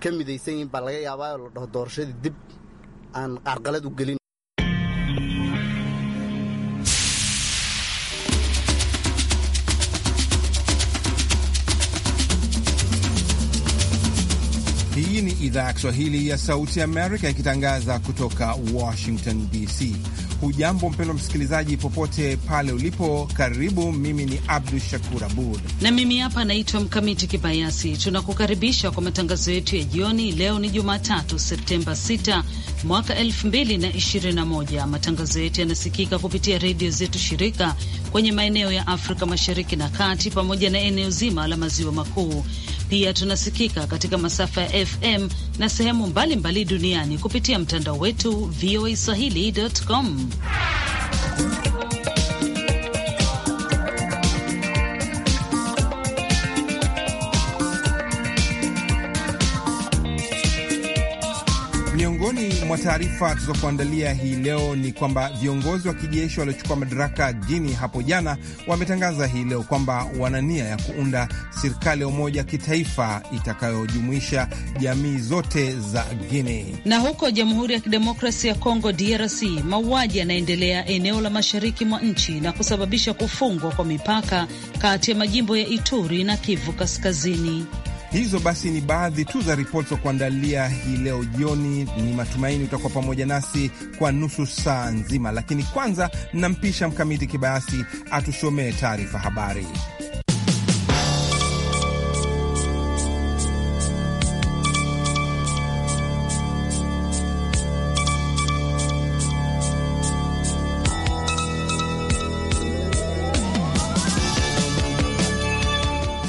ka midaysan yihiin baa laga yaabaa la dhaho doorashadii dib aan qarqalad u gelin Hii ni idhaa ya Kiswahili ya Sauti Amerika ikitangaza kutoka Washington DC. Hujambo mpendwa msikilizaji, popote pale ulipo, karibu. Mimi ni Abdu Shakur Abud na mimi hapa naitwa Mkamiti Kibayasi. Tunakukaribisha kwa matangazo yetu ya jioni. Leo ni Jumatatu, Septemba 6 mwaka 2021. Matangazo yetu yanasikika kupitia redio zetu shirika kwenye maeneo ya Afrika Mashariki na Kati pamoja na eneo zima la Maziwa Makuu. Pia tunasikika katika masafa ya FM na sehemu mbalimbali mbali duniani kupitia mtandao wetu voa swahili.com. Miongoni mwa taarifa tulizokuandalia hii leo ni kwamba viongozi wa kijeshi waliochukua madaraka Guinea hapo jana wametangaza hii leo kwamba wana nia ya kuunda serikali ya umoja kitaifa itakayojumuisha jamii zote za guine Na huko Jamhuri ya kidemokrasi ya Kongo DRC, mauaji yanaendelea eneo la mashariki mwa nchi na kusababisha kufungwa kwa mipaka kati ya majimbo ya Ituri na Kivu Kaskazini. Hizo basi ni baadhi tu za ripoti za kuandalia hii leo jioni. Ni matumaini utakuwa pamoja nasi kwa nusu saa nzima, lakini kwanza nampisha Mkamiti Kibayasi atusomee taarifa habari.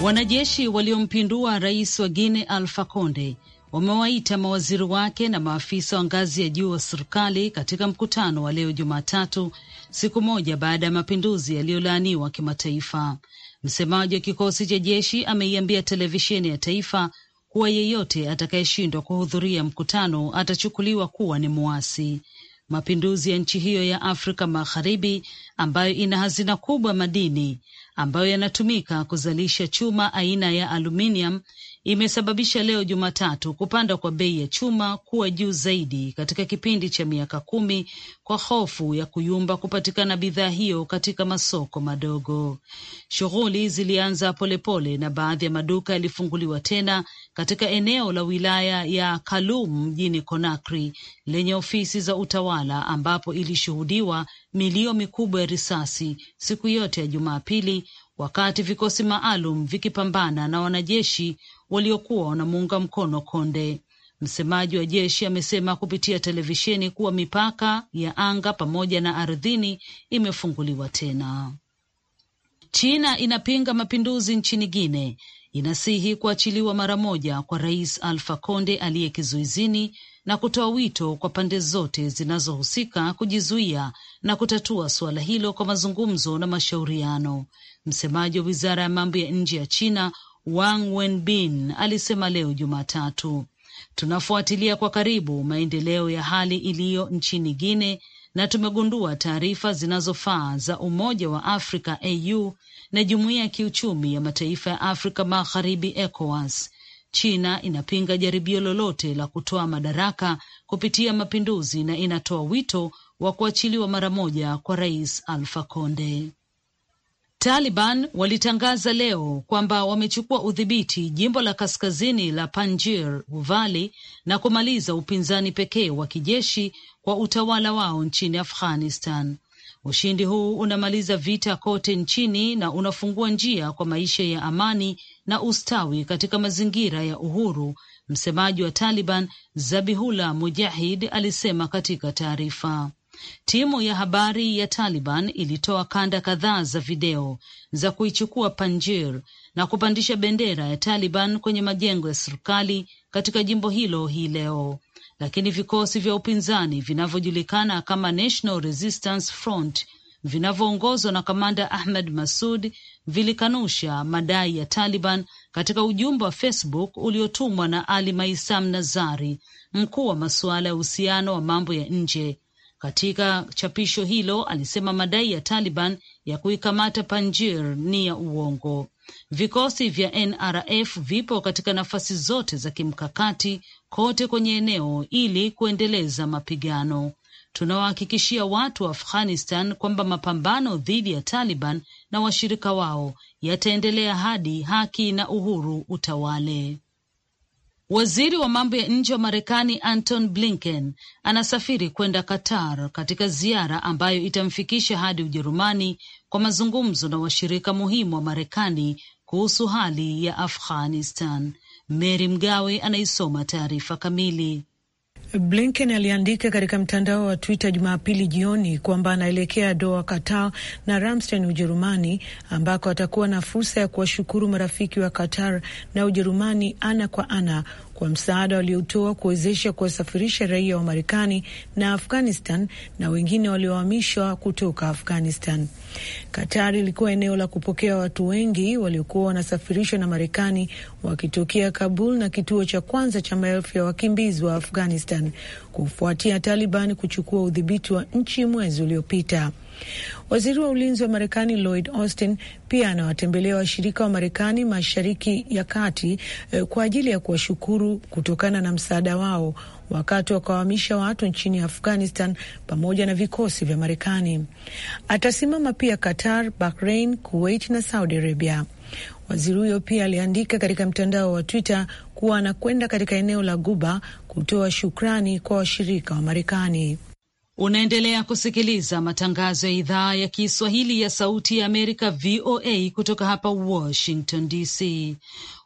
Wanajeshi waliompindua rais wa Guine Alfa Conde wamewaita mawaziri wake na maafisa wa ngazi ya juu wa serikali katika mkutano wa leo Jumatatu, siku moja baada ya mapinduzi yaliyolaaniwa kimataifa. Msemaji wa kikosi cha jeshi ameiambia televisheni ya taifa kuwa yeyote atakayeshindwa kuhudhuria mkutano atachukuliwa kuwa ni muasi. Mapinduzi ya nchi hiyo ya Afrika Magharibi ambayo ina hazina kubwa madini ambayo yanatumika kuzalisha chuma aina ya aluminium imesababisha leo Jumatatu kupanda kwa bei ya chuma kuwa juu zaidi katika kipindi cha miaka kumi kwa hofu ya kuyumba kupatikana bidhaa hiyo katika masoko madogo. Shughuli zilianza polepole na baadhi ya maduka yalifunguliwa tena katika eneo la wilaya ya Kalum mjini Conakry lenye ofisi za utawala ambapo ilishuhudiwa milio mikubwa ya risasi siku yote ya Jumapili wakati vikosi maalum vikipambana na wanajeshi waliokuwa wanamuunga mkono Konde. Msemaji wa jeshi amesema kupitia televisheni kuwa mipaka ya anga pamoja na ardhini imefunguliwa tena. China inapinga mapinduzi nchini Guinea inasihi kuachiliwa mara moja kwa Rais alfa conde aliye kizuizini na kutoa wito kwa pande zote zinazohusika kujizuia na kutatua suala hilo kwa mazungumzo na mashauriano. Msemaji wa wizara ya mambo ya nje ya China Wang Wenbin alisema leo Jumatatu, tunafuatilia kwa karibu maendeleo ya hali iliyo nchini Guinea na tumegundua taarifa zinazofaa za Umoja wa Afrika au na Jumuiya ya Kiuchumi ya Mataifa ya Afrika Magharibi ECOWAS. China inapinga jaribio lolote la kutoa madaraka kupitia mapinduzi na inatoa wito wa kuachiliwa mara moja kwa Rais Alpha Conde. Taliban walitangaza leo kwamba wamechukua udhibiti jimbo la kaskazini la Panjir Valley na kumaliza upinzani pekee wa kijeshi kwa utawala wao nchini Afghanistan. Ushindi huu unamaliza vita kote nchini na unafungua njia kwa maisha ya amani na ustawi katika mazingira ya uhuru, msemaji wa Taliban Zabihullah Mujahid alisema katika taarifa. Timu ya habari ya Taliban ilitoa kanda kadhaa za video za kuichukua Panjir na kupandisha bendera ya Taliban kwenye majengo ya serikali katika jimbo hilo hii leo, lakini vikosi vya upinzani vinavyojulikana kama National Resistance Front vinavyoongozwa na kamanda Ahmed Masud vilikanusha madai ya Taliban katika ujumbe wa Facebook uliotumwa na Ali Maisam Nazari, mkuu wa masuala ya uhusiano wa mambo ya nje, katika chapisho hilo alisema madai ya Taliban ya kuikamata Panjir ni ya uongo. Vikosi vya NRF vipo katika nafasi zote za kimkakati kote kwenye eneo ili kuendeleza mapigano. Tunawahakikishia watu wa Afghanistan kwamba mapambano dhidi ya Taliban na washirika wao yataendelea hadi haki na uhuru utawale. Waziri wa mambo ya nje wa Marekani Anton Blinken anasafiri kwenda Qatar katika ziara ambayo itamfikisha hadi Ujerumani kwa mazungumzo na washirika muhimu wa Marekani kuhusu hali ya Afghanistan. mery Mgawe anaisoma taarifa kamili. Blinken aliandika katika mtandao wa Twitter Jumapili jioni kwamba anaelekea Doha, Qatar na Ramstein, Ujerumani, ambako atakuwa na fursa ya kuwashukuru marafiki wa Qatar na Ujerumani ana kwa ana kwa msaada waliotoa kuwezesha kuwasafirisha raia wa Marekani na Afghanistan na wengine waliohamishwa kutoka Afghanistan. Katari ilikuwa eneo la kupokea watu wengi waliokuwa wanasafirishwa na Marekani wakitokea Kabul na kituo cha kwanza cha maelfu ya wakimbizi wa Afghanistan kufuatia Taliban kuchukua udhibiti wa nchi mwezi uliopita. Waziri wa ulinzi wa Marekani Lloyd Austin pia anawatembelea washirika wa Marekani mashariki ya kati eh, kwa ajili ya kuwashukuru kutokana na msaada wao wakati wakawahamisha watu nchini Afghanistan pamoja na vikosi vya Marekani. Atasimama pia Qatar, Bahrain, Kuwait na Saudi Arabia. Waziri huyo pia aliandika katika mtandao wa Twitter kuwa anakwenda katika eneo la Guba kutoa shukrani kwa washirika wa Marekani. Unaendelea kusikiliza matangazo ya idhaa ya Kiswahili ya Sauti ya Amerika, VOA, kutoka hapa Washington DC.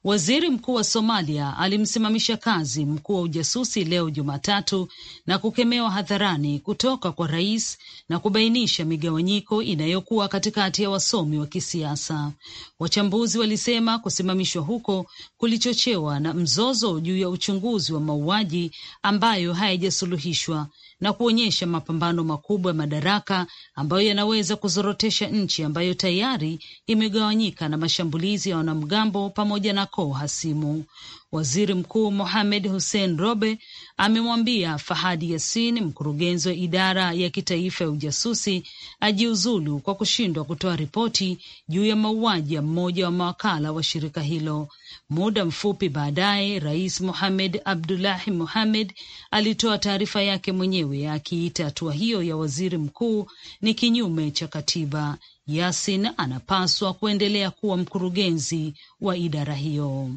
Waziri mkuu wa Somalia alimsimamisha kazi mkuu wa ujasusi leo Jumatatu na kukemewa hadharani kutoka kwa rais na kubainisha migawanyiko inayokuwa katikati ya wasomi wa kisiasa. Wachambuzi walisema kusimamishwa huko kulichochewa na mzozo juu ya uchunguzi wa mauaji ambayo hayajasuluhishwa na kuonyesha mapambano makubwa ya madaraka ambayo yanaweza kuzorotesha nchi ambayo tayari imegawanyika na mashambulizi ya wanamgambo pamoja na koo hasimu. Waziri Mkuu Mohamed Hussein Robe amemwambia Fahadi Yasin, mkurugenzi wa idara ya kitaifa ya ujasusi, ajiuzulu kwa kushindwa kutoa ripoti juu ya mauaji ya mmoja wa mawakala wa shirika hilo. Muda mfupi baadaye, Rais Mohamed Abdullahi Mohamed alitoa taarifa yake mwenyewe akiita ya hatua hiyo ya waziri mkuu ni kinyume cha katiba. Yasin anapaswa kuendelea kuwa mkurugenzi wa idara hiyo.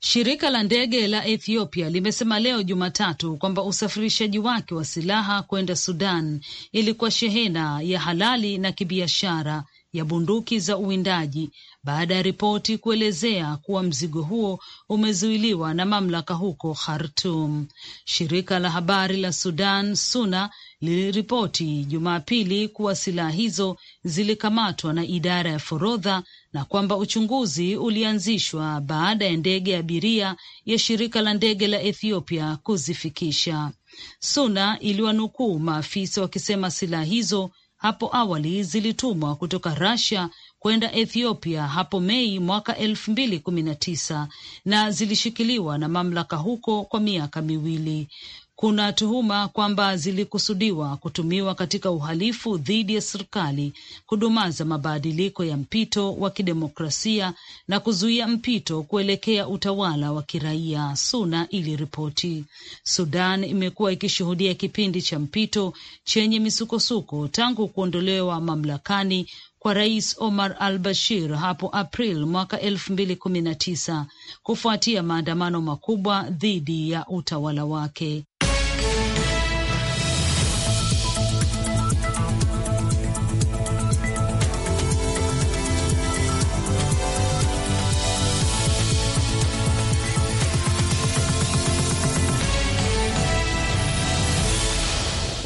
Shirika la ndege la Ethiopia limesema leo Jumatatu kwamba usafirishaji wake wa silaha kwenda Sudan ilikuwa shehena ya halali na kibiashara ya bunduki za uwindaji baada ya ripoti kuelezea kuwa mzigo huo umezuiliwa na mamlaka huko Khartum. Shirika la habari la Sudan SUNA liliripoti Jumapili kuwa silaha hizo zilikamatwa na idara ya forodha na kwamba uchunguzi ulianzishwa baada ya ndege ya abiria ya shirika la ndege la Ethiopia kuzifikisha. SUNA iliwanukuu maafisa wakisema silaha hizo hapo awali zilitumwa kutoka Russia kwenda Ethiopia hapo Mei mwaka elfu mbili kumi na tisa na zilishikiliwa na mamlaka huko kwa miaka miwili. Kuna tuhuma kwamba zilikusudiwa kutumiwa katika uhalifu dhidi ya serikali, kudumaza mabadiliko ya mpito wa kidemokrasia na kuzuia mpito kuelekea utawala wa kiraia, SUNA iliripoti. Sudan imekuwa ikishuhudia kipindi cha mpito chenye misukosuko tangu kuondolewa mamlakani kwa Rais Omar al Bashir hapo April mwaka elfu mbili kumi na tisa kufuatia maandamano makubwa dhidi ya utawala wake.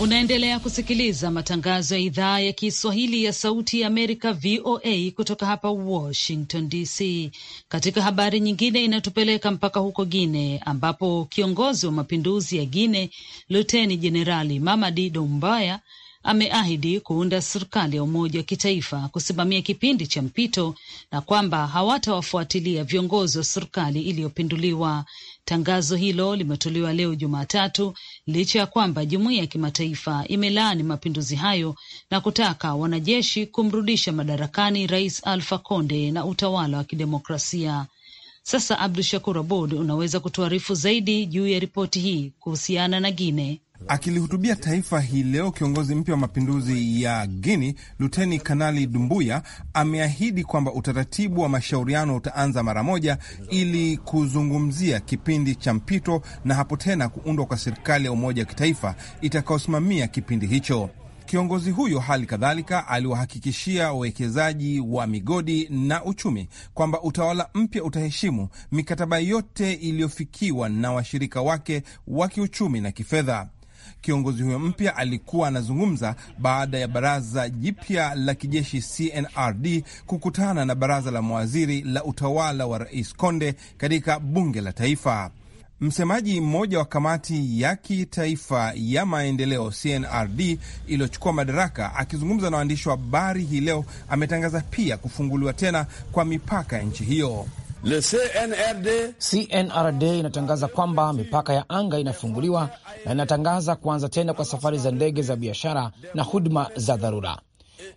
Unaendelea kusikiliza matangazo ya idhaa ya Kiswahili ya Sauti ya Amerika, VOA, kutoka hapa Washington DC. Katika habari nyingine, inatupeleka mpaka huko Guine ambapo kiongozi wa mapinduzi ya Guine Luteni Jenerali Mamadi Dombaya, ameahidi kuunda serikali ya umoja wa kitaifa kusimamia kipindi cha mpito na kwamba hawatawafuatilia viongozi wa serikali iliyopinduliwa. Tangazo hilo limetolewa leo Jumatatu licha ya kwamba jumuiya ya kimataifa imelaani mapinduzi hayo na kutaka wanajeshi kumrudisha madarakani Rais alfa Conde na utawala wa kidemokrasia. Sasa Abdu Shakur Abud, unaweza kutuarifu zaidi juu ya ripoti hii kuhusiana na Guine. Akilihutubia taifa hii leo, kiongozi mpya wa mapinduzi ya Guini, Luteni Kanali Dumbuya, ameahidi kwamba utaratibu wa mashauriano utaanza mara moja ili kuzungumzia kipindi cha mpito na hapo tena kuundwa kwa serikali ya umoja wa kitaifa itakayosimamia kipindi hicho. Kiongozi huyo hali kadhalika aliwahakikishia wawekezaji wa migodi na uchumi kwamba utawala mpya utaheshimu mikataba yote iliyofikiwa na washirika wake wa kiuchumi na kifedha. Kiongozi huyo mpya alikuwa anazungumza baada ya baraza jipya la kijeshi CNRD kukutana na baraza la mawaziri la utawala wa Rais Konde katika bunge la taifa. Msemaji mmoja wa kamati ya kitaifa ya maendeleo CNRD iliyochukua madaraka akizungumza na waandishi wa habari hii leo ametangaza pia kufunguliwa tena kwa mipaka ya nchi hiyo. Le CNRD. CNRD inatangaza kwamba mipaka ya anga inafunguliwa na inatangaza kuanza tena kwa safari za ndege za biashara na huduma za dharura.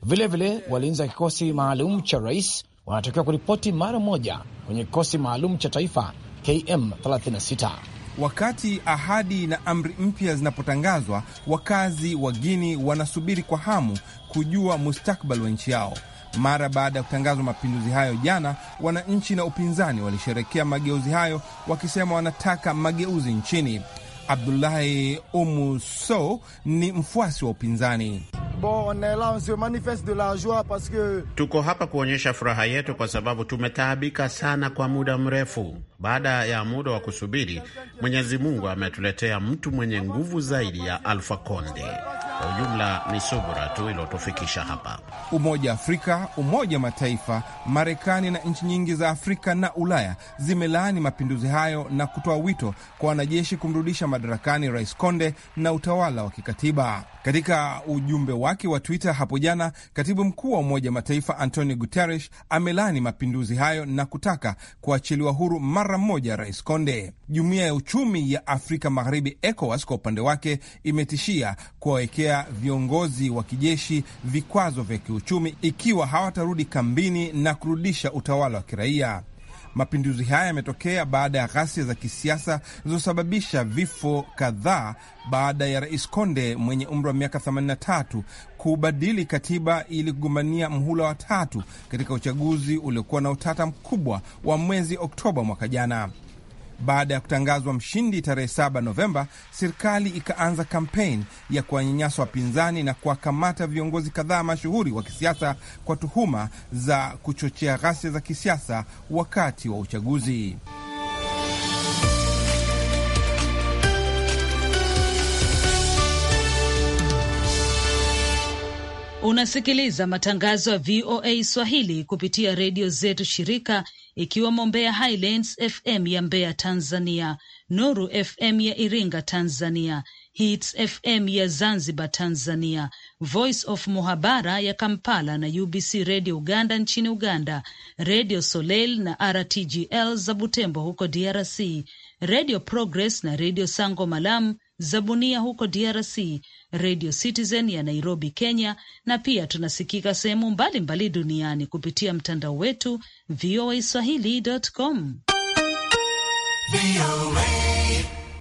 Vilevile, walinzi wa kikosi maalum cha rais wanatakiwa kuripoti mara moja kwenye kikosi maalum cha taifa KM 36. Wakati ahadi na amri mpya zinapotangazwa, wakazi wa Guini wanasubiri kwa hamu kujua mustakbali wa nchi yao. Mara baada ya kutangazwa mapinduzi hayo jana, wananchi na upinzani walisherekea mageuzi hayo wakisema wanataka mageuzi nchini. Abdullahi Umuso ni mfuasi wa upinzani. Bon, on manifeste de la joie parce que tuko hapa kuonyesha furaha yetu kwa sababu tumetaabika sana kwa muda mrefu. Baada ya muda wa kusubiri, Mwenyezi Mungu ametuletea mtu mwenye nguvu zaidi ya alfa Konde. Kwa ujumla ni subura tu iliotufikisha hapa. Umoja wa Afrika, Umoja wa Mataifa, Marekani na nchi nyingi za Afrika na Ulaya zimelaani mapinduzi hayo na kutoa wito kwa wanajeshi kumrudisha madarakani Rais Konde na utawala wa kikatiba. Katika ujumbe wa wake wa Twitter hapo jana, katibu mkuu wa Umoja Mataifa Antonio Guterres amelani mapinduzi hayo na kutaka kuachiliwa huru mara moja Rais Konde. Jumuiya ya Uchumi ya Afrika Magharibi, ECOWAS, kwa upande wake imetishia kuwawekea viongozi wa kijeshi vikwazo vya kiuchumi ikiwa hawatarudi kambini na kurudisha utawala wa kiraia. Mapinduzi haya yametokea baada ya ghasia za kisiasa zilizosababisha vifo kadhaa baada ya Rais Konde mwenye umri wa miaka 83 kubadili katiba ili kugombania mhula wa tatu katika uchaguzi uliokuwa na utata mkubwa wa mwezi Oktoba mwaka jana. Baada ya kutangazwa mshindi tarehe 7 Novemba, serikali ikaanza kampeni ya kuwanyanyasa wapinzani na kuwakamata viongozi kadhaa mashuhuri wa kisiasa kwa tuhuma za kuchochea ghasia za kisiasa wakati wa uchaguzi. Unasikiliza matangazo ya VOA Swahili kupitia redio zetu shirika ikiwemo Mbeya Highlands FM ya Mbeya Tanzania, Nuru FM ya Iringa Tanzania, Hits FM ya Zanzibar Tanzania, Voice of Muhabara ya Kampala na UBC Radio Uganda nchini Uganda, Radio Soleil na RTGL za Butembo huko DRC, Radio Progress na Radio Sango malam za Bunia huko DRC, Radio Citizen ya Nairobi, Kenya, na pia tunasikika sehemu mbalimbali duniani kupitia mtandao wetu voa voaswahili.com.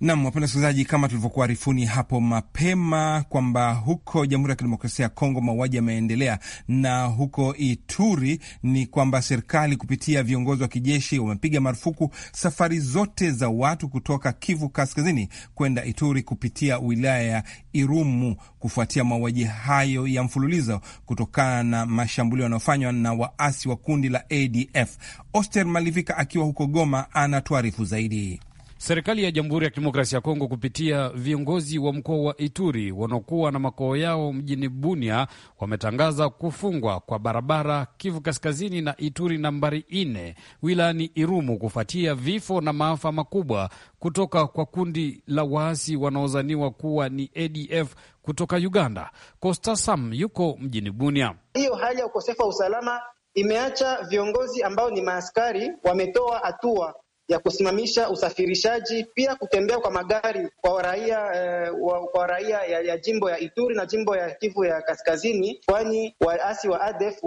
Nam, wapenda wasikilizaji, kama arifuni hapo mapema kwamba huko Jamhuri ya Kidemokrasia ya Kongo mauaji yameendelea, na huko Ituri ni kwamba serikali kupitia viongozi wa kijeshi wamepiga marufuku safari zote za watu kutoka Kivu Kaskazini kwenda Ituri kupitia wilaya ya Irumu kufuatia mauaji hayo ya mfululizo kutokana na mashambulio yanayofanywa na waasi wa kundi la ADF. Oster Malivika akiwa huko Goma anatuarifu zaidi. Serikali ya Jamhuri ya Kidemokrasia ya Kongo kupitia viongozi wa mkoa wa Ituri wanaokuwa na makao yao mjini Bunia wametangaza kufungwa kwa barabara Kivu Kaskazini na Ituri nambari nne wilayani Irumu kufuatia vifo na maafa makubwa kutoka kwa kundi la waasi wanaozaniwa kuwa ni ADF kutoka Uganda. Costa Sam yuko mjini Bunia. Hiyo hali ya ukosefu wa usalama imeacha viongozi ambao ni maaskari wametoa hatua ya kusimamisha usafirishaji, pia kutembea kwa magari kwa raia eh, kwa raia ya, ya jimbo ya Ituri na jimbo ya Kivu ya Kaskazini, kwani waasi wa ADF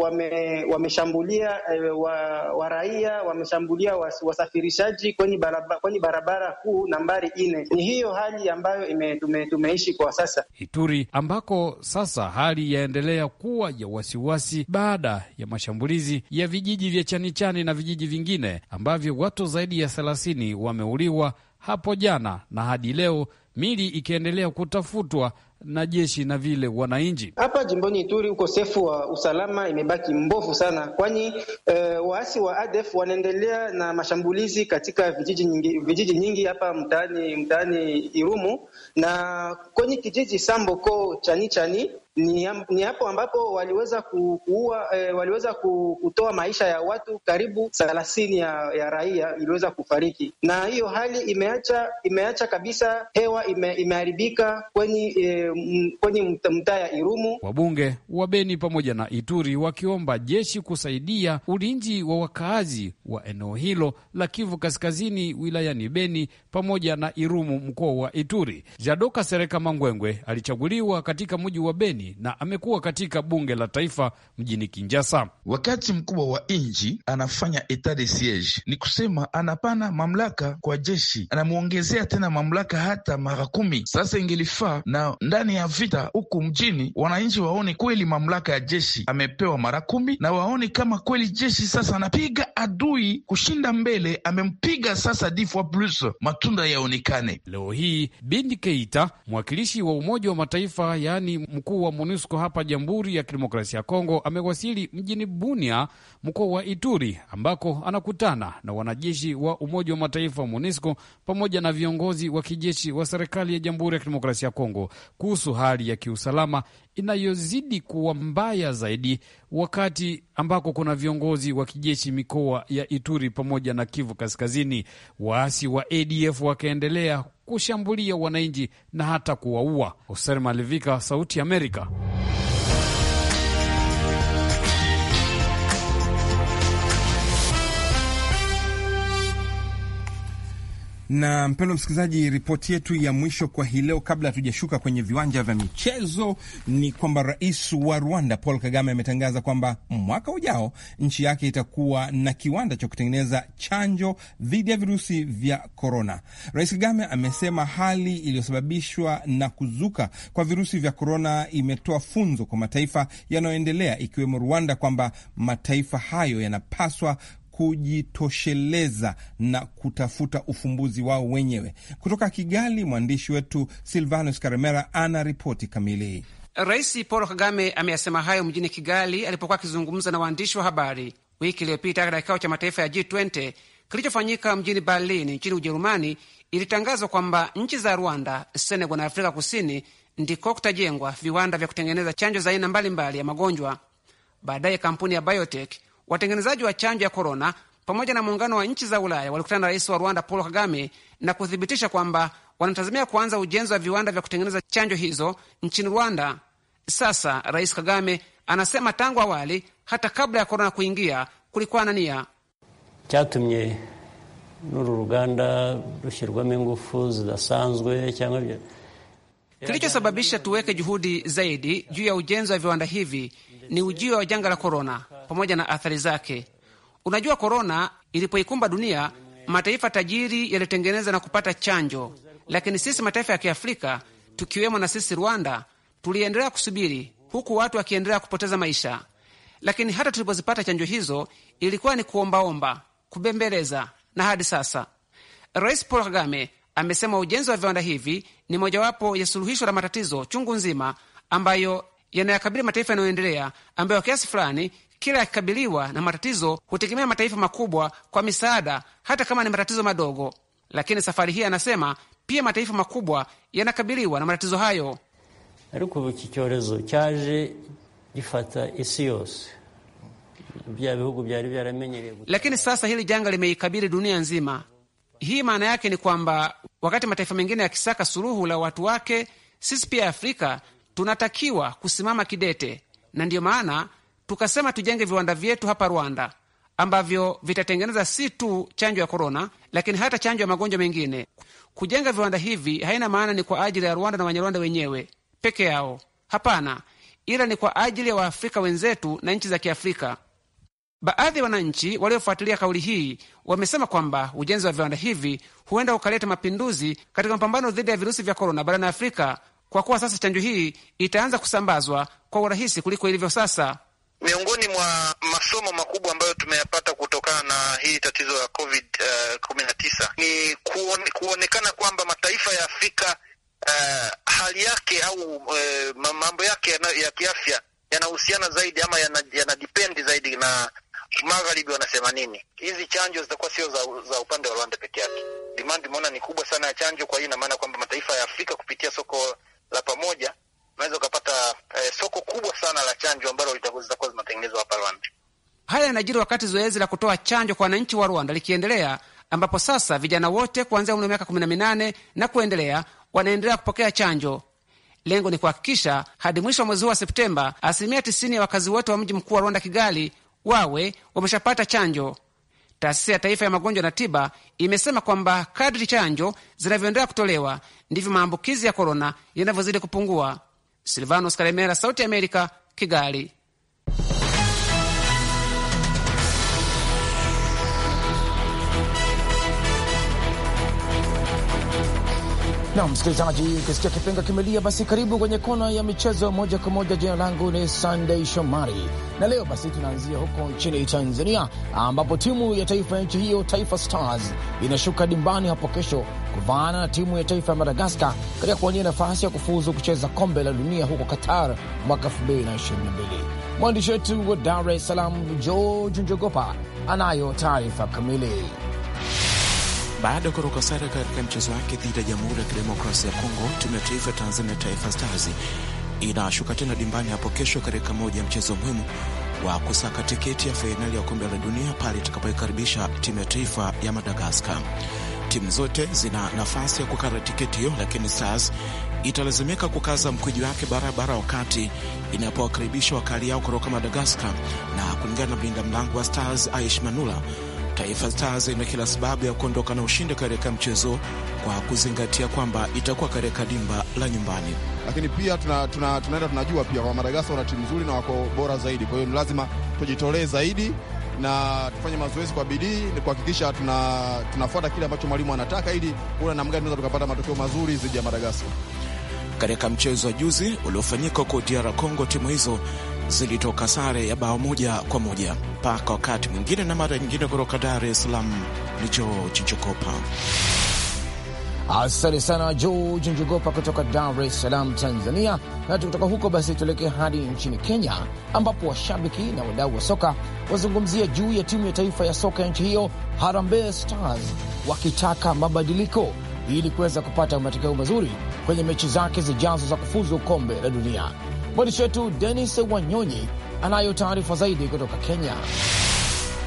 wameshambulia wame eh, wa, wa raia wameshambulia was, wasafirishaji kwenye barabara, kwenye barabara kuu nambari ine. Ni hiyo hali ambayo ime, tume, tumeishi kwa sasa Ituri, ambako sasa hali yaendelea kuwa ya wasiwasi baada ya mashambulizi ya vijiji vya Chanichani na vijiji vingine ambavyo watu zaidi ya thelathini wameuliwa hapo jana na hadi leo mili ikiendelea kutafutwa na jeshi na vile wananchi. Hapa jimboni Ituri, ukosefu wa usalama imebaki mbovu sana, kwani e, waasi wa ADF wanaendelea na mashambulizi katika vijiji nyingi, vijiji nyingi hapa mtaani mtaani Irumu na kwenye kijiji Samboko chani chani ni, ni hapo ambapo waliweza kuua e, waliweza kutoa maisha ya watu karibu thelathini ya, ya raia iliweza kufariki, na hiyo hali imeacha imeacha kabisa, hewa ime, imeharibika kwenye kwenye mtaa ya Irumu. Wabunge wa Beni pamoja na Ituri wakiomba jeshi kusaidia ulinzi wa wakaazi wa eneo hilo la Kivu Kaskazini wilayani Beni pamoja na Irumu mkoa wa Ituri. Jadoka Sereka Mangwengwe alichaguliwa katika mji wa Beni na amekuwa katika bunge la taifa mjini kinjasa Wakati mkubwa wa nji anafanya etat de siege, ni kusema anapana mamlaka kwa jeshi, anamwongezea tena mamlaka hata mara kumi. Sasa ingelifaa na ndani ya vita huku mjini, wananchi waone kweli mamlaka ya jeshi amepewa mara kumi, na waone kama kweli jeshi sasa anapiga adui kushinda mbele, amempiga sasa difwa plus, matunda yaonekane. Leo hii Bindi Keita, mwakilishi wa Umoja wa Mataifa yaani mkuu wa MONUSCO hapa Jamhuri ya Kidemokrasia ya Kongo, amewasili mjini Bunia, mkoa wa Ituri, ambako anakutana na wanajeshi wa Umoja wa Mataifa MONUSCO pamoja na viongozi wa kijeshi wa serikali ya Jamhuri ya Kidemokrasia ya Kongo ku kuhusu hali ya kiusalama inayozidi kuwa mbaya zaidi, wakati ambako kuna viongozi wa kijeshi mikoa ya Ituri pamoja na Kivu Kaskazini, waasi wa ADF wakaendelea kushambulia wananchi na hata kuwaua. Hoser Malivika, Sauti Amerika. Na mpendwa msikilizaji, ripoti yetu ya mwisho kwa hii leo, kabla hatujashuka kwenye viwanja vya michezo, ni kwamba rais wa Rwanda Paul Kagame ametangaza kwamba mwaka ujao nchi yake itakuwa na kiwanda cha kutengeneza chanjo dhidi ya virusi vya korona. Rais Kagame amesema hali iliyosababishwa na kuzuka kwa virusi vya korona imetoa funzo kwa mataifa yanayoendelea ikiwemo Rwanda kwamba mataifa hayo yanapaswa kujitosheleza na kutafuta ufumbuzi wao wenyewe. Kutoka Kigali, mwandishi wetu Silvanus Karemera ana ripoti kamili. Rais Paul Kagame ameyasema hayo mjini Kigali alipokuwa akizungumza na waandishi wa habari wiki iliyopita katika kikao cha mataifa ya G20 kilichofanyika mjini Berlin nchini Ujerumani. Ilitangazwa kwamba nchi za Rwanda, Senegal na Afrika Kusini ndiko kutajengwa viwanda vya kutengeneza chanjo za aina mbalimbali ya magonjwa. Baadaye kampuni ya Biotech Watengenezaji wa chanjo ya korona pamoja na muungano wa nchi za Ulaya walikutana na rais wa Rwanda Paul Kagame na kuthibitisha kwamba wanatazamia kuanza ujenzi wa viwanda vya kutengeneza chanjo hizo nchini Rwanda. Sasa Rais Kagame anasema tangu awali, hata kabla ya korona kuingia, kulikuwa na nia chatumye nuru ruganda rushirwamo ingufu zidasanzwe cyangwa kilichosababisha tuweke juhudi zaidi juu ya ujenzi wa viwanda hivi ni ujio wa janga la korona pamoja na athari zake. Unajua, korona ilipoikumba dunia, mataifa tajiri yalitengeneza na kupata chanjo, lakini sisi mataifa ya Kiafrika tukiwemo na sisi Rwanda tuliendelea kusubiri huku watu wakiendelea kupoteza maisha. Lakini hata tulipozipata chanjo hizo ilikuwa ni kuombaomba, kubembeleza, na hadi sasa Rais Paul Kagame amesema ujenzi wa viwanda hivi ni mojawapo ya suluhisho la matatizo chungu nzima ambayo yanayakabili mataifa yanayoendelea ambayo kwa kiasi fulani kila yakikabiliwa na matatizo hutegemea mataifa makubwa kwa misaada, hata kama ni matatizo madogo. Lakini safari hii anasema pia mataifa makubwa yanakabiliwa na matatizo hayo. ariko ubu iki cyorezo cyaje gifata isi yose bya bihugu byari byaramenyereye. Lakini sasa hili janga limeikabili dunia nzima. Hii maana yake ni kwamba wakati mataifa mengine yakisaka suluhu la watu wake, sisi pia Afrika tunatakiwa kusimama kidete, na ndiyo maana tukasema tujenge viwanda vyetu hapa Rwanda ambavyo vitatengeneza si tu chanjo ya korona, lakini hata chanjo ya magonjwa mengine. Kujenga viwanda hivi haina maana ni kwa ajili ya Rwanda na Wanyarwanda wenyewe peke yao, hapana, ila ni kwa ajili ya Waafrika wenzetu na nchi za Kiafrika. Baadhi ya wananchi waliofuatilia kauli hii wamesema kwamba ujenzi wa viwanda hivi huenda ukaleta mapinduzi katika mapambano dhidi ya virusi vya korona barani Afrika, kwa kuwa sasa chanjo hii itaanza kusambazwa kwa urahisi kuliko ilivyo sasa. Miongoni mwa masomo makubwa ambayo tumeyapata kutokana na hili tatizo la COVID eh, kumi na tisa ni kuone, kuonekana kwamba mataifa ya Afrika uh, hali yake au uh, mambo yake ya kiafya yanahusiana zaidi ama yanadipendi yana zaidi na magharibi wanasema nini. Hizi chanjo zitakuwa sio za, za upande wa Rwanda peke yake. Demand umeona ni kubwa sana ya chanjo, kwa hiyo ina maana kwamba mataifa ya Afrika kupitia soko la pamoja unaweza ukapata eh, soko kubwa sana la chanjo ambalo zitakuwa zinatengenezwa hapa Rwanda. Haya yanajiri wakati zoezi la kutoa chanjo kwa wananchi wa Rwanda likiendelea, ambapo sasa vijana wote kuanzia umri wa miaka 18 na kuendelea wanaendelea kupokea chanjo. Lengo ni kuhakikisha hadi mwisho wa mwezi huu wa Septemba asilimia 90 ya wakazi wote wa mji mkuu wa Rwanda, Kigali, wawe wameshapata chanjo. Taasisi ya Taifa ya Magonjwa na Tiba imesema kwamba kadri chanjo zinavyoendelea kutolewa ndivyo maambukizi ya korona yanavyozidi kupungua. Silvanos Karemera, Sauti Amerika, Kigali. na msikilizaji, ukisikia kipenga kimelia, basi karibu kwenye kona ya michezo moja kwa moja. Jina langu ni Sunday Shomari, na leo basi tunaanzia huko nchini Tanzania, ambapo timu ya taifa ya nchi hiyo Taifa Stars inashuka dimbani hapo kesho kuvaana na timu ya taifa ya Madagaskar katika kuwania nafasi ya kufuzu kucheza kombe la dunia huko Qatar mwaka 2022. Mwandishi wetu wa Dar es Salaam George Njogopa anayo taarifa kamili baada ya kutoka sare katika mchezo wake dhidi ya Jamhuri ya Kidemokrasia ya Kongo. Timu ya taifa Tanzania, Taifa Stars, inashuka tena dimbani hapo kesho katika moja ya mchezo muhimu wa kusaka tiketi ya fainali ya kombe la dunia pale itakapoikaribisha timu ya taifa ya Madagaskar. Timu zote zina nafasi ya kukata tiketi hiyo, lakini Stars italazimika kukaza mkwiji wake barabara wakati inapowakaribisha wakali yao kutoka Madagaskar, na kulingana na mlinda mlango wa Stars Aish Manula Taifa Stars ina kila sababu ya kuondoka na ushindi katika mchezo kwa kuzingatia kwamba itakuwa katika dimba la nyumbani, lakini pia tunaenda tuna, tuna, tunajua pia kwa Madagaskar wana timu nzuri na wako bora zaidi. Kwa hiyo ni lazima tujitolee zaidi na tufanye mazoezi kwa bidii, ni kuhakikisha tuna, tunafuata kile ambacho mwalimu anataka, ili kuna namna gani tunaweza tukapata matokeo mazuri dhidi ya Madagaskar. Katika mchezo wa juzi uliofanyika huko DR Congo, timu hizo zilitoka sare ya bao moja kwa moja mpaka wakati mwingine na mara nyingine. Kutoka Dar es Salaam ni George Njogopa. Asante sana George Njogopa kutoka Dar es Salaam, Tanzania. Na tukitoka huko, basi tuelekee hadi nchini Kenya, ambapo washabiki na wadau wa soka wazungumzia juu ya timu ya taifa ya soka ya nchi hiyo Harambee Stars, wakitaka mabadiliko ili kuweza kupata matokeo mazuri kwenye mechi zake zijazo za kufuzu kombe la dunia. Mwandishi wetu Denis Wanyonyi anayo taarifa zaidi kutoka Kenya.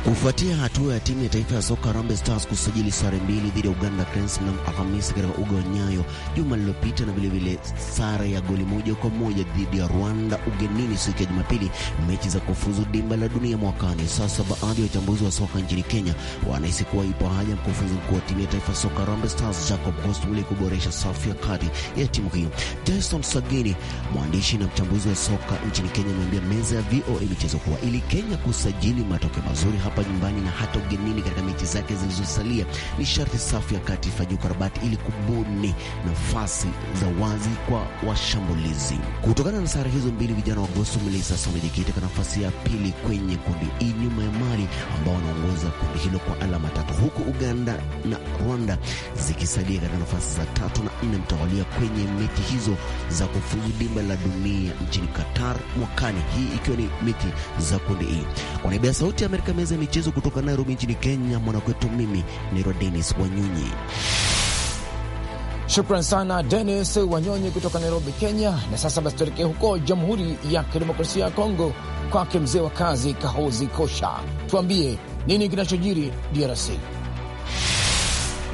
Kufuatia hatua ya timu ya taifa ya soka Harambee Stars kusajili sare mbili dhidi ya Uganda Cranes na Alhamisi katika uga wa Nyayo juma lililopita, na vilevile sare ya goli moja kwa moja dhidi ya Rwanda ugenini siku ya Jumapili, mechi za kufuzu dimba la dunia mwakani. Sasa baadhi ya wachambuzi wa soka nchini Kenya wanahisi kuwa ipo haja mkufunzi mkuu wa timu ya taifa ya soka Harambee Stars Jacob Kosgei kuboresha safu ya kati ya timu hiyo. Jason Sagini, mwandishi na mchambuzi wa soka nchini Kenya, ameambia meza ya VOA michezo kuwa ili Kenya kusajili matokeo mazuri hapa hapa nyumbani na hata ugenini katika mechi zake zilizosalia. Ni sharti safu ya kati ifanyiwe ukarabati ili kubuni nafasi za wazi kwa washambulizi. Kutokana na sara hizo mbili, vijana wa Gosu sasa wamejikita kwa nafasi ya pili kwenye kundi hii e nyuma ya Mali ambao wanaongoza kundi hilo kwa alama tatu, huku Uganda na Rwanda zikisalia katika nafasi za tatu na nne mtawalia kwenye mechi hizo za kufuzu dimba la dunia nchini Qatar mwakani, hii ikiwa ni mechi za kundi hii. E. Kwa niaba ya Sauti ya Amerika meza michezo kutoka Nairobi nchini Kenya, mwanakwetu mimi ni Dennis Wanyonyi. Shukran sana Dennis Wanyonyi kutoka Nairobi, Kenya. Na sasa basi tuelekee huko Jamhuri ya Kidemokrasia ya Kongo, kwake mzee wa kazi Kahozi Kosha, tuambie nini kinachojiri DRC.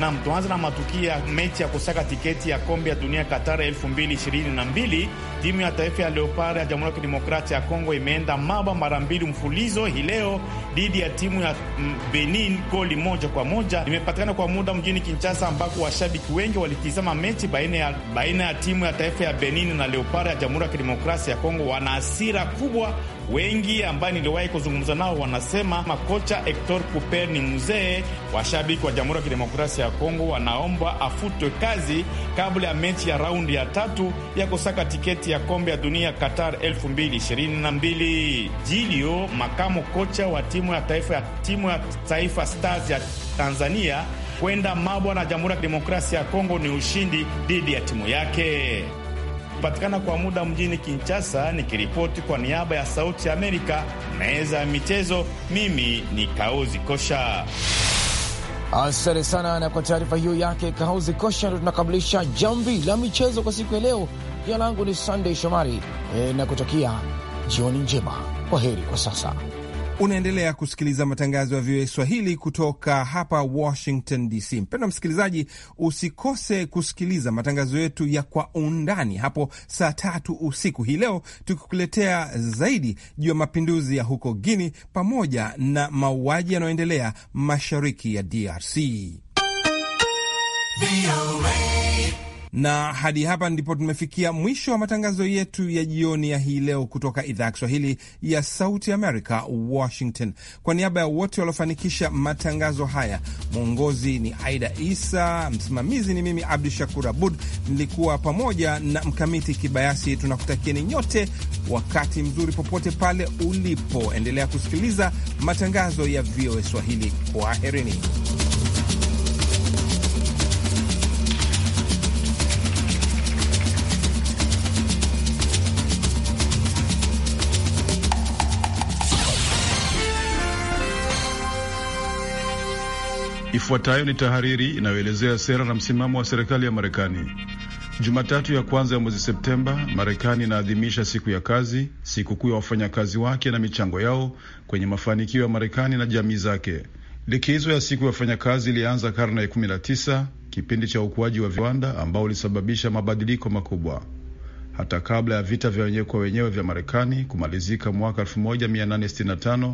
Nam, tuanze na matukia mechi ya kusaka tiketi ya kombe ya dunia Qatar 2022. Timu ya taifa ya Leopard ya Jamhuri ya Kidemokrasia ya Kongo imeenda maba mara mbili mfulizo hii leo dhidi ya timu ya mm, Benin goli moja kwa moja. Imepatikana kwa muda mjini Kinshasa, ambako washabiki wengi walitizama mechi baina ya, baina ya timu ya taifa ya Benin na Leopard ya Jamhuri ya Kidemokrasia ya Kongo. Wana hasira kubwa Wengi ambaye niliwahi kuzungumza nao wanasema makocha Hector Cuper ni mzee. Washabiki wa Jamhuri ya Kidemokrasia ya Kongo wanaomba afutwe kazi kabla ya mechi ya raundi ya tatu ya kusaka tiketi ya kombe ya dunia Qatar 2022. Jilio, makamu kocha wa timu ya taifa ya timu ya Taifa Stars ya Tanzania kwenda mabwa na Jamhuri ya Kidemokrasia ya Kongo ni ushindi dhidi ya timu yake kupatikana kwa muda mjini Kinshasa. Nikiripoti kwa niaba ya Sauti ya Amerika, meza ya michezo, mimi ni Kauzi Kosha. Asante sana, na kwa taarifa hiyo yake Kauzi Kosha, ndo tunakamilisha jamvi la michezo kwa siku ya leo. Jina langu ni sandey Shomari e, na kutakia jioni njema. Kwa heri kwa sasa. Unaendelea kusikiliza matangazo ya VOA Swahili kutoka hapa Washington DC. Mpendwa msikilizaji, usikose kusikiliza matangazo yetu ya Kwa Undani hapo saa tatu usiku hii leo, tukikuletea zaidi juu ya mapinduzi ya huko Guini pamoja na mauaji yanayoendelea mashariki ya DRC. Na hadi hapa ndipo tumefikia mwisho wa matangazo yetu ya jioni ya hii leo kutoka idhaa ya Kiswahili ya Sauti Amerika, Washington. Kwa niaba ya wote waliofanikisha matangazo haya, mwongozi ni Aida Isa, msimamizi ni mimi Abdu Shakur Abud, nilikuwa pamoja na Mkamiti Kibayasi. Tunakutakieni nyote wakati mzuri popote pale ulipo. Endelea kusikiliza matangazo ya VOA Swahili. Kwaherini. Ifuatayo ni tahariri inayoelezea sera na msimamo wa serikali ya Marekani. Jumatatu ya kwanza ya mwezi Septemba, Marekani inaadhimisha siku ya kazi, sikukuu ya wafanyakazi wake na michango yao kwenye mafanikio ya Marekani na jamii zake. Likizo ya siku ya wafanyakazi ilianza karne ya 19, kipindi cha ukuaji wa viwanda ambao ulisababisha mabadiliko makubwa hata kabla ya vita vya wenyewe kwa wenyewe vya Marekani kumalizika mwaka 1865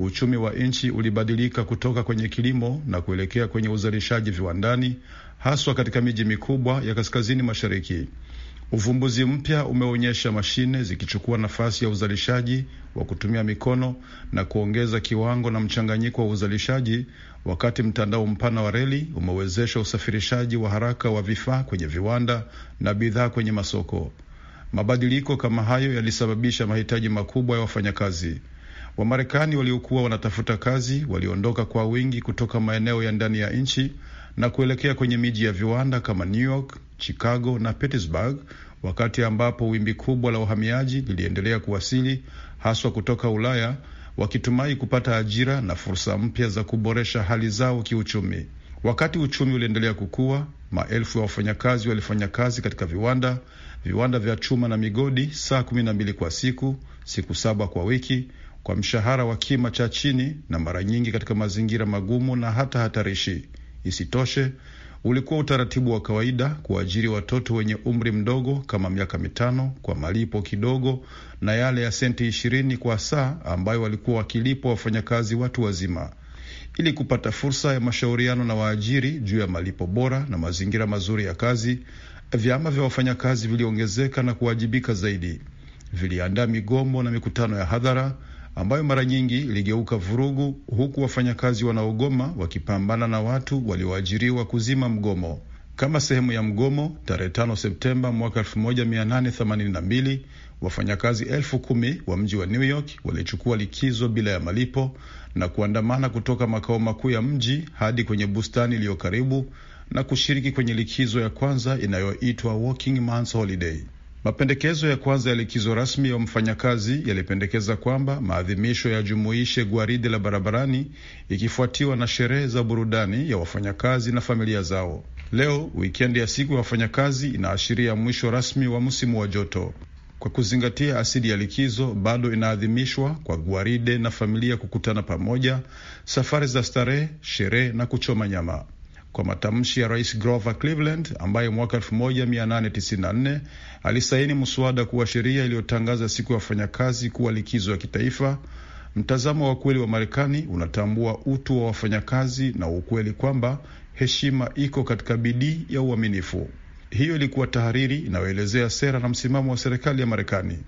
uchumi wa nchi ulibadilika kutoka kwenye kilimo na kuelekea kwenye uzalishaji viwandani, haswa katika miji mikubwa ya kaskazini mashariki. Uvumbuzi mpya umeonyesha mashine zikichukua nafasi ya uzalishaji wa kutumia mikono na kuongeza kiwango na mchanganyiko wa uzalishaji, wakati mtandao mpana wa reli umewezesha usafirishaji wa haraka wa vifaa kwenye viwanda na bidhaa kwenye masoko. Mabadiliko kama hayo yalisababisha mahitaji makubwa ya wafanyakazi. Wamarekani waliokuwa wanatafuta kazi waliondoka kwa wingi kutoka maeneo ya ndani ya nchi na kuelekea kwenye miji ya viwanda kama New York, Chicago na Pittsburgh, wakati ambapo wimbi kubwa la uhamiaji liliendelea kuwasili haswa kutoka Ulaya, wakitumai kupata ajira na fursa mpya za kuboresha hali zao kiuchumi. Wakati uchumi uliendelea kukua, maelfu ya wafanyakazi walifanya kazi katika viwanda, viwanda vya chuma na migodi, saa kumi na mbili kwa siku, siku saba kwa wiki, kwa mshahara wa kima cha chini na mara nyingi katika mazingira magumu na hata hatarishi. Isitoshe, ulikuwa utaratibu wa kawaida kuajiri watoto wenye umri mdogo kama miaka mitano kwa malipo kidogo na yale ya senti ishirini kwa saa ambayo walikuwa wakilipwa wafanyakazi watu wazima ili kupata fursa ya mashauriano na waajiri juu ya malipo bora na mazingira mazuri ya kazi. Vyama vya wafanyakazi viliongezeka na kuwajibika zaidi, viliandaa migomo na mikutano ya hadhara ambayo mara nyingi iligeuka vurugu, huku wafanyakazi wanaogoma wakipambana na watu walioajiriwa kuzima mgomo. Kama sehemu ya mgomo, tarehe 5 Septemba mwaka 1882 wafanyakazi elfu kumi wa mji wa New York walichukua likizo bila ya malipo na kuandamana kutoka makao makuu ya mji hadi kwenye bustani iliyo karibu na kushiriki kwenye likizo ya kwanza inayoitwa Working Man's Holiday. Mapendekezo ya kwanza ya likizo rasmi ya mfanyakazi yalipendekeza kwamba maadhimisho yajumuishe gwaride la barabarani ikifuatiwa na sherehe za burudani ya wafanyakazi na familia zao. Leo wikendi ya siku ya wafanyakazi inaashiria mwisho rasmi wa msimu wa joto. Kwa kuzingatia asili ya likizo bado inaadhimishwa kwa gwaride na familia kukutana pamoja, safari za starehe, sherehe na kuchoma nyama kwa matamshi ya Rais Grover Cleveland ambaye mwaka 1894 alisaini mswada kuwa sheria iliyotangaza siku ya wafanyakazi kuwa likizo ya kitaifa. Mtazamo wa kweli wa Marekani unatambua utu wa wafanyakazi na ukweli kwamba heshima iko katika bidii ya uaminifu. Hiyo ilikuwa tahariri inayoelezea sera na msimamo wa serikali ya Marekani.